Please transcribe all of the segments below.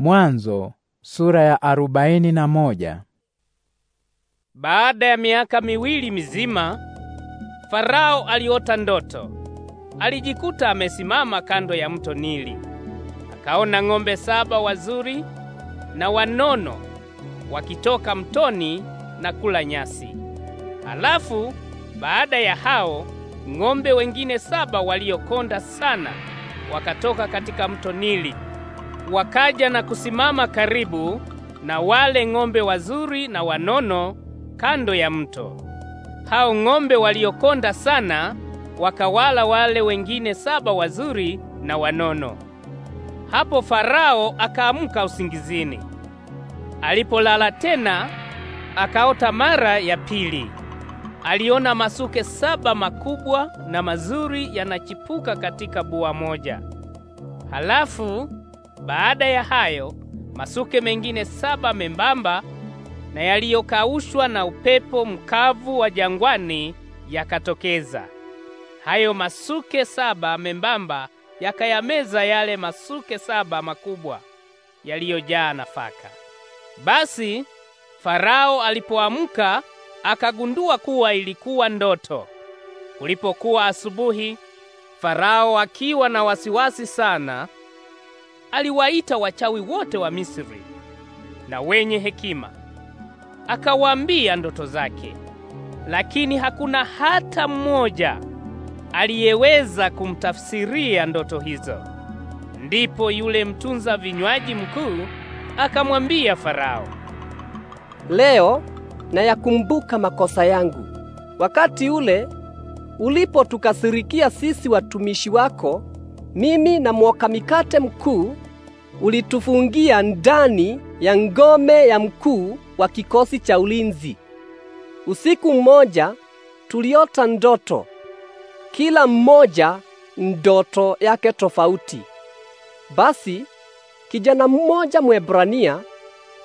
Mwanzo sura ya arobaini na moja. Baada ya miaka miwili mizima, Farao aliota ndoto. Alijikuta amesimama kando ya mto Nili. Akaona ng'ombe saba wazuri na wanono wakitoka mtoni na kula nyasi. Halafu baada ya hao ng'ombe wengine saba waliokonda sana wakatoka katika mto Nili Wakaja na kusimama karibu na wale ng'ombe wazuri na wanono kando ya mto. Hao ng'ombe waliokonda sana wakawala wale wengine saba wazuri na wanono. Hapo Farao akaamka usingizini. Alipolala tena, akaota mara ya pili. Aliona masuke saba makubwa na mazuri yanachipuka katika bua moja. Halafu baada ya hayo masuke mengine saba membamba na yaliyokaushwa na upepo mkavu wa jangwani yakatokeza. Hayo masuke saba membamba yakayameza yale masuke saba makubwa yaliyojaa nafaka. Basi Farao alipoamka akagundua kuwa ilikuwa ndoto. Kulipokuwa asubuhi, Farao akiwa na wasiwasi sana aliwaita wachawi wote wa Misri na wenye hekima, akawaambia ndoto zake, lakini hakuna hata mmoja aliyeweza kumtafsiria ndoto hizo. Ndipo yule mtunza vinywaji mkuu akamwambia Farao, leo nayakumbuka makosa yangu wakati ule ulipotukasirikia sisi watumishi wako mimi na mwoka mikate mkuu ulitufungia ndani ya ngome ya mkuu wa kikosi cha ulinzi. Usiku mmoja tuliota ndoto, kila mmoja ndoto yake tofauti. Basi kijana mmoja Mwebrania,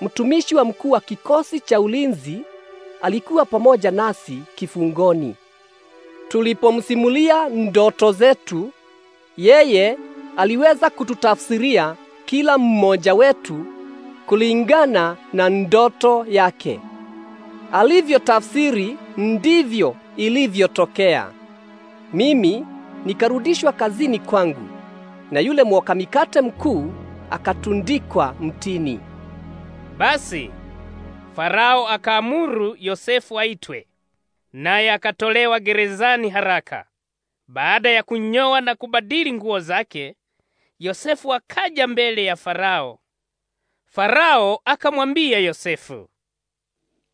mtumishi wa mkuu wa kikosi cha ulinzi, alikuwa pamoja nasi kifungoni. Tulipomsimulia ndoto zetu yeye aliweza kututafsiria kila mmoja wetu kulingana na ndoto yake. Alivyotafsiri ndivyo ilivyotokea. Mimi nikarudishwa kazini kwangu na yule mwoka mikate mkuu akatundikwa mtini. Basi Farao akaamuru Yosefu aitwe, naye akatolewa gerezani haraka. Baada ya kunyoa na kubadili nguo zake, Yosefu akaja mbele ya Farao. Farao akamwambia Yosefu,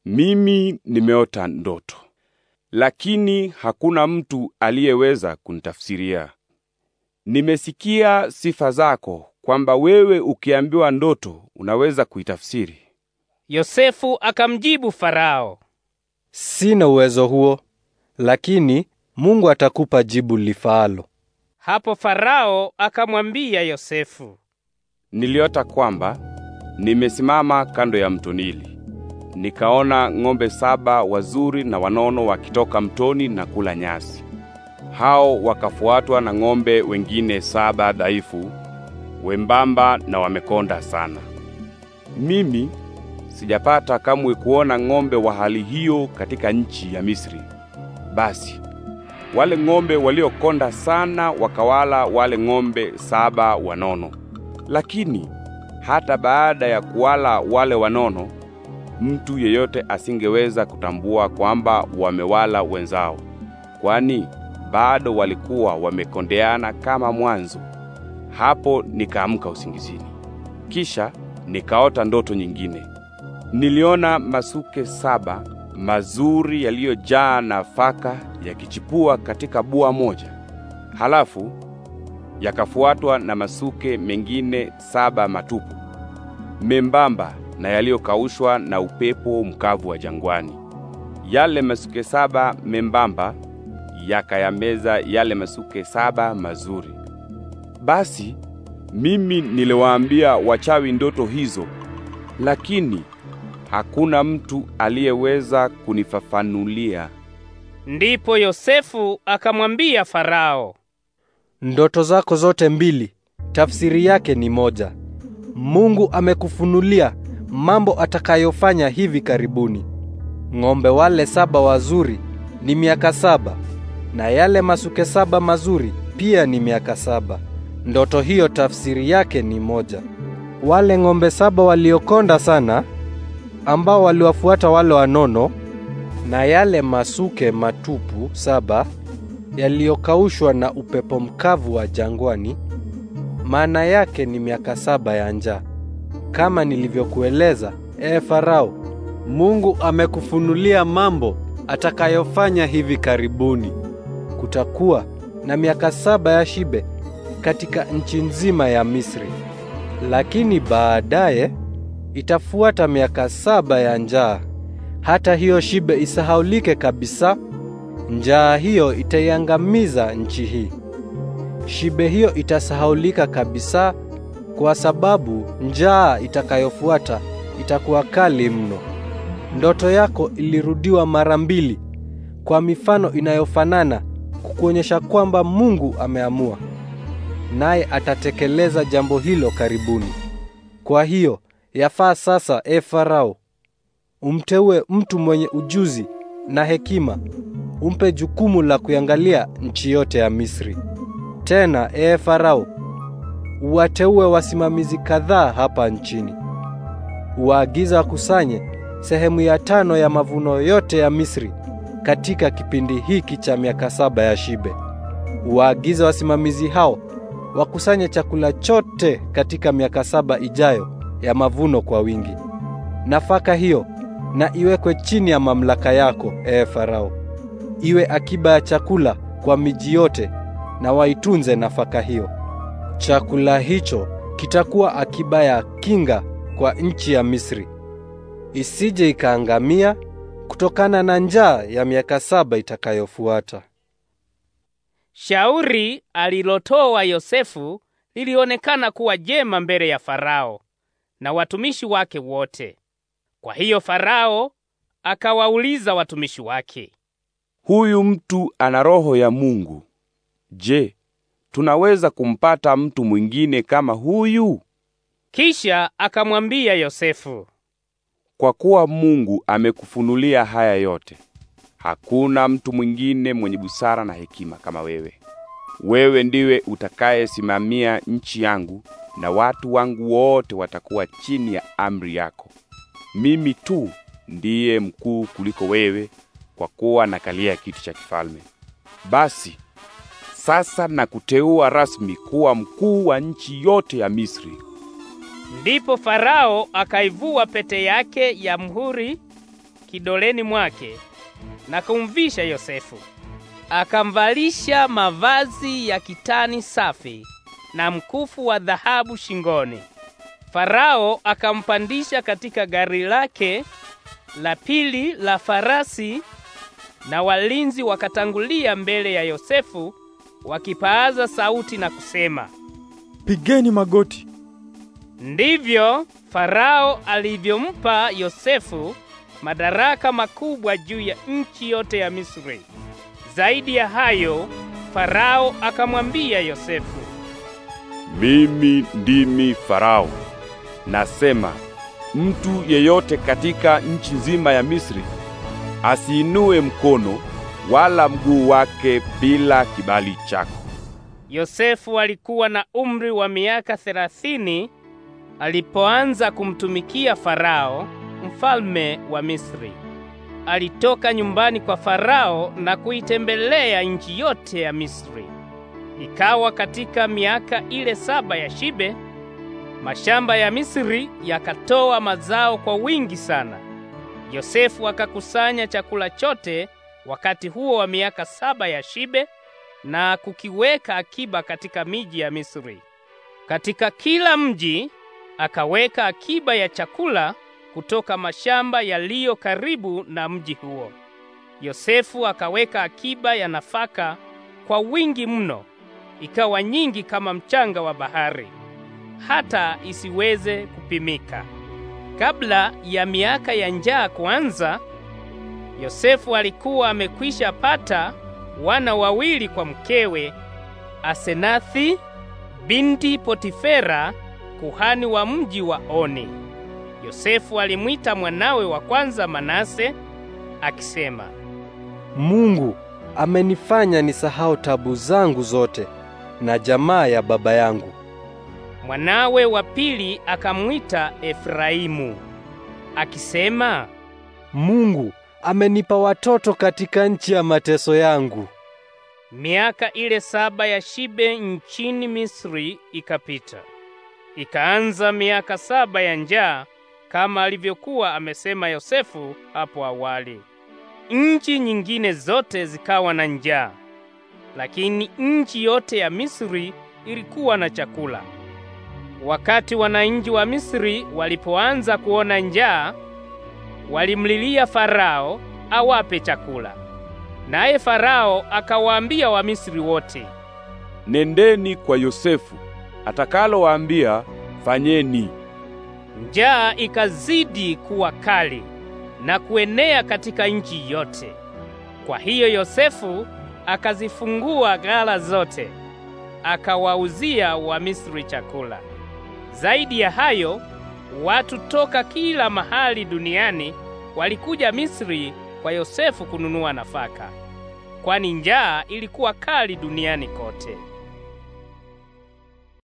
mimi nimeota ndoto, lakini hakuna mtu aliyeweza kunitafsiria. Nimesikia sifa zako kwamba wewe ukiambiwa ndoto unaweza kuitafsiri. Yosefu akamjibu Farao, sina uwezo huo, lakini Mungu atakupa jibu lifaalo. Hapo Farao akamwambia Yosefu, niliota kwamba nimesimama kando ya mto Nili, nikaona ng'ombe saba wazuri na wanono wakitoka mtoni na kula nyasi. Hao wakafuatwa na ng'ombe wengine saba dhaifu, wembamba na wamekonda sana. Mimi sijapata kamwe kuona ng'ombe wa hali hiyo katika nchi ya Misri. Basi wale ng'ombe waliokonda sana wakawala wale ng'ombe saba wanono. Lakini hata baada ya kuwala wale wanono, mtu yeyote asingeweza kutambua kwamba wamewala wenzao, kwani bado walikuwa wamekondeana kama mwanzo. Hapo nikaamka usingizini, kisha nikaota ndoto nyingine. Niliona masuke saba mazuri yaliyojaa nafaka yakichipua katika bua moja, halafu yakafuatwa na masuke mengine saba matupu membamba na yaliyokaushwa na upepo mkavu wa jangwani. Yale masuke saba membamba yakayameza yale masuke saba mazuri. Basi mimi niliwaambia wachawi ndoto hizo, lakini hakuna mtu aliyeweza kunifafanulia. Ndipo Yosefu akamwambia Farao, ndoto zako zote mbili tafsiri yake ni moja. Mungu amekufunulia mambo atakayofanya hivi karibuni. Ng'ombe wale saba wazuri ni miaka saba na yale masuke saba mazuri pia ni miaka saba. Ndoto hiyo tafsiri yake ni moja. Wale ng'ombe saba waliokonda sana ambao waliwafuata wale wanono na yale masuke matupu saba yaliyokaushwa na upepo mkavu wa jangwani. Maana yake ni miaka saba ya njaa. Kama nilivyokueleza, ee Farao, Mungu amekufunulia mambo atakayofanya hivi karibuni. Kutakuwa na miaka saba ya shibe katika nchi nzima ya Misri, lakini baadaye itafuata miaka saba ya njaa. Hata hiyo shibe isahaulike kabisa. Njaa hiyo itaiangamiza nchi hii. Shibe hiyo itasahaulika kabisa, kwa sababu njaa itakayofuata itakuwa kali mno. Ndoto yako ilirudiwa mara mbili kwa mifano inayofanana kukuonyesha kwamba Mungu ameamua naye atatekeleza jambo hilo karibuni. Kwa hiyo Yafaa sasa, e Farao, umteue mtu mwenye ujuzi na hekima, umpe jukumu la kuiangalia nchi yote ya Misri. Tena e Farao, uwateue wasimamizi kadhaa hapa nchini. Uwaagiza wakusanye sehemu ya tano ya mavuno yote ya Misri katika kipindi hiki cha miaka saba ya shibe. Uwaagiza wasimamizi hao wakusanye chakula chote katika miaka saba ijayo ya mavuno kwa wingi. Nafaka hiyo na iwekwe chini ya mamlaka yako, ee Farao, iwe akiba ya chakula kwa miji yote, na waitunze nafaka hiyo. Chakula hicho kitakuwa akiba ya kinga kwa nchi ya Misri, isije ikaangamia kutokana na njaa ya miaka saba itakayofuata. Shauri alilotoa Yosefu lilionekana kuwa jema mbele ya Farao na watumishi wake wote. Kwa hiyo Farao akawauliza watumishi wake, huyu mtu ana roho ya Mungu. Je, tunaweza kumpata mtu mwingine kama huyu? Kisha akamwambia Yosefu, kwa kuwa Mungu amekufunulia haya yote, hakuna mtu mwingine mwenye busara na hekima kama wewe. Wewe ndiwe utakayesimamia nchi yangu na watu wangu wote watakuwa chini ya amri yako. Mimi tu ndiye mkuu kuliko wewe, kwa kuwa nakalia kiti cha kifalme. Basi sasa nakuteua rasmi kuwa mkuu wa nchi yote ya Misri. Ndipo Farao akaivua pete yake ya mhuri kidoleni mwake na kumvisha Yosefu, akamvalisha mavazi ya kitani safi na mkufu wa dhahabu shingoni. Farao akampandisha katika gari lake la pili la farasi, na walinzi wakatangulia mbele ya Yosefu wakipaaza sauti na kusema, pigeni magoti. Ndivyo Farao alivyompa Yosefu madaraka makubwa juu ya nchi yote ya Misri. Zaidi ya hayo, Farao akamwambia Yosefu, mimi ndimi Farao. Nasema mtu yeyote katika nchi nzima ya Misri asiinue mkono wala mguu wake bila kibali chako. Yosefu alikuwa na umri wa miaka thelathini alipoanza kumtumikia Farao, mfalme wa Misri. Alitoka nyumbani kwa Farao na kuitembelea nchi yote ya Misri. Ikawa katika miaka ile saba ya shibe, mashamba ya Misri yakatoa mazao kwa wingi sana. Yosefu akakusanya chakula chote wakati huo wa miaka saba ya shibe na kukiweka akiba katika miji ya Misri. Katika kila mji akaweka akiba ya chakula kutoka mashamba yaliyo karibu na mji huo. Yosefu akaweka akiba ya nafaka kwa wingi mno ikawa nyingi kama mchanga wa bahari, hata isiweze kupimika. Kabla ya miaka ya njaa kuanza, Yosefu alikuwa amekwisha pata wana wawili kwa mkewe Asenathi binti Potifera, kuhani wa mji wa Oni. Yosefu alimwita mwanawe wa kwanza Manase akisema, Mungu amenifanya nisahau tabu zangu zote na jamaa ya baba yangu. Mwanawe wa pili akamwita Efraimu akisema, Mungu amenipa watoto katika nchi ya mateso yangu. Miaka ile saba ya shibe nchini Misri ikapita, ikaanza miaka saba ya njaa kama alivyokuwa amesema Yosefu hapo awali. Nchi nyingine zote zikawa na njaa, lakini nchi yote ya Misri ilikuwa na chakula. Wakati wananchi wa Misri walipoanza kuona njaa, walimlilia Farao awape chakula. Naye Farao akawaambia Misri wote, Nendeni kwa Yosefu, atakalowaambia fanyeni. Njaa ikazidi kuwa kali na kuenea katika nchi yote. Kwa hiyo Yosefu akazifungua ghala zote, akawauzia Misri chakula. Zaidi ya hayo, watu toka kila mahali duniani walikuja Misri kwa Yosefu kununua nafaka, kwani njaa ilikuwa kali duniani kote.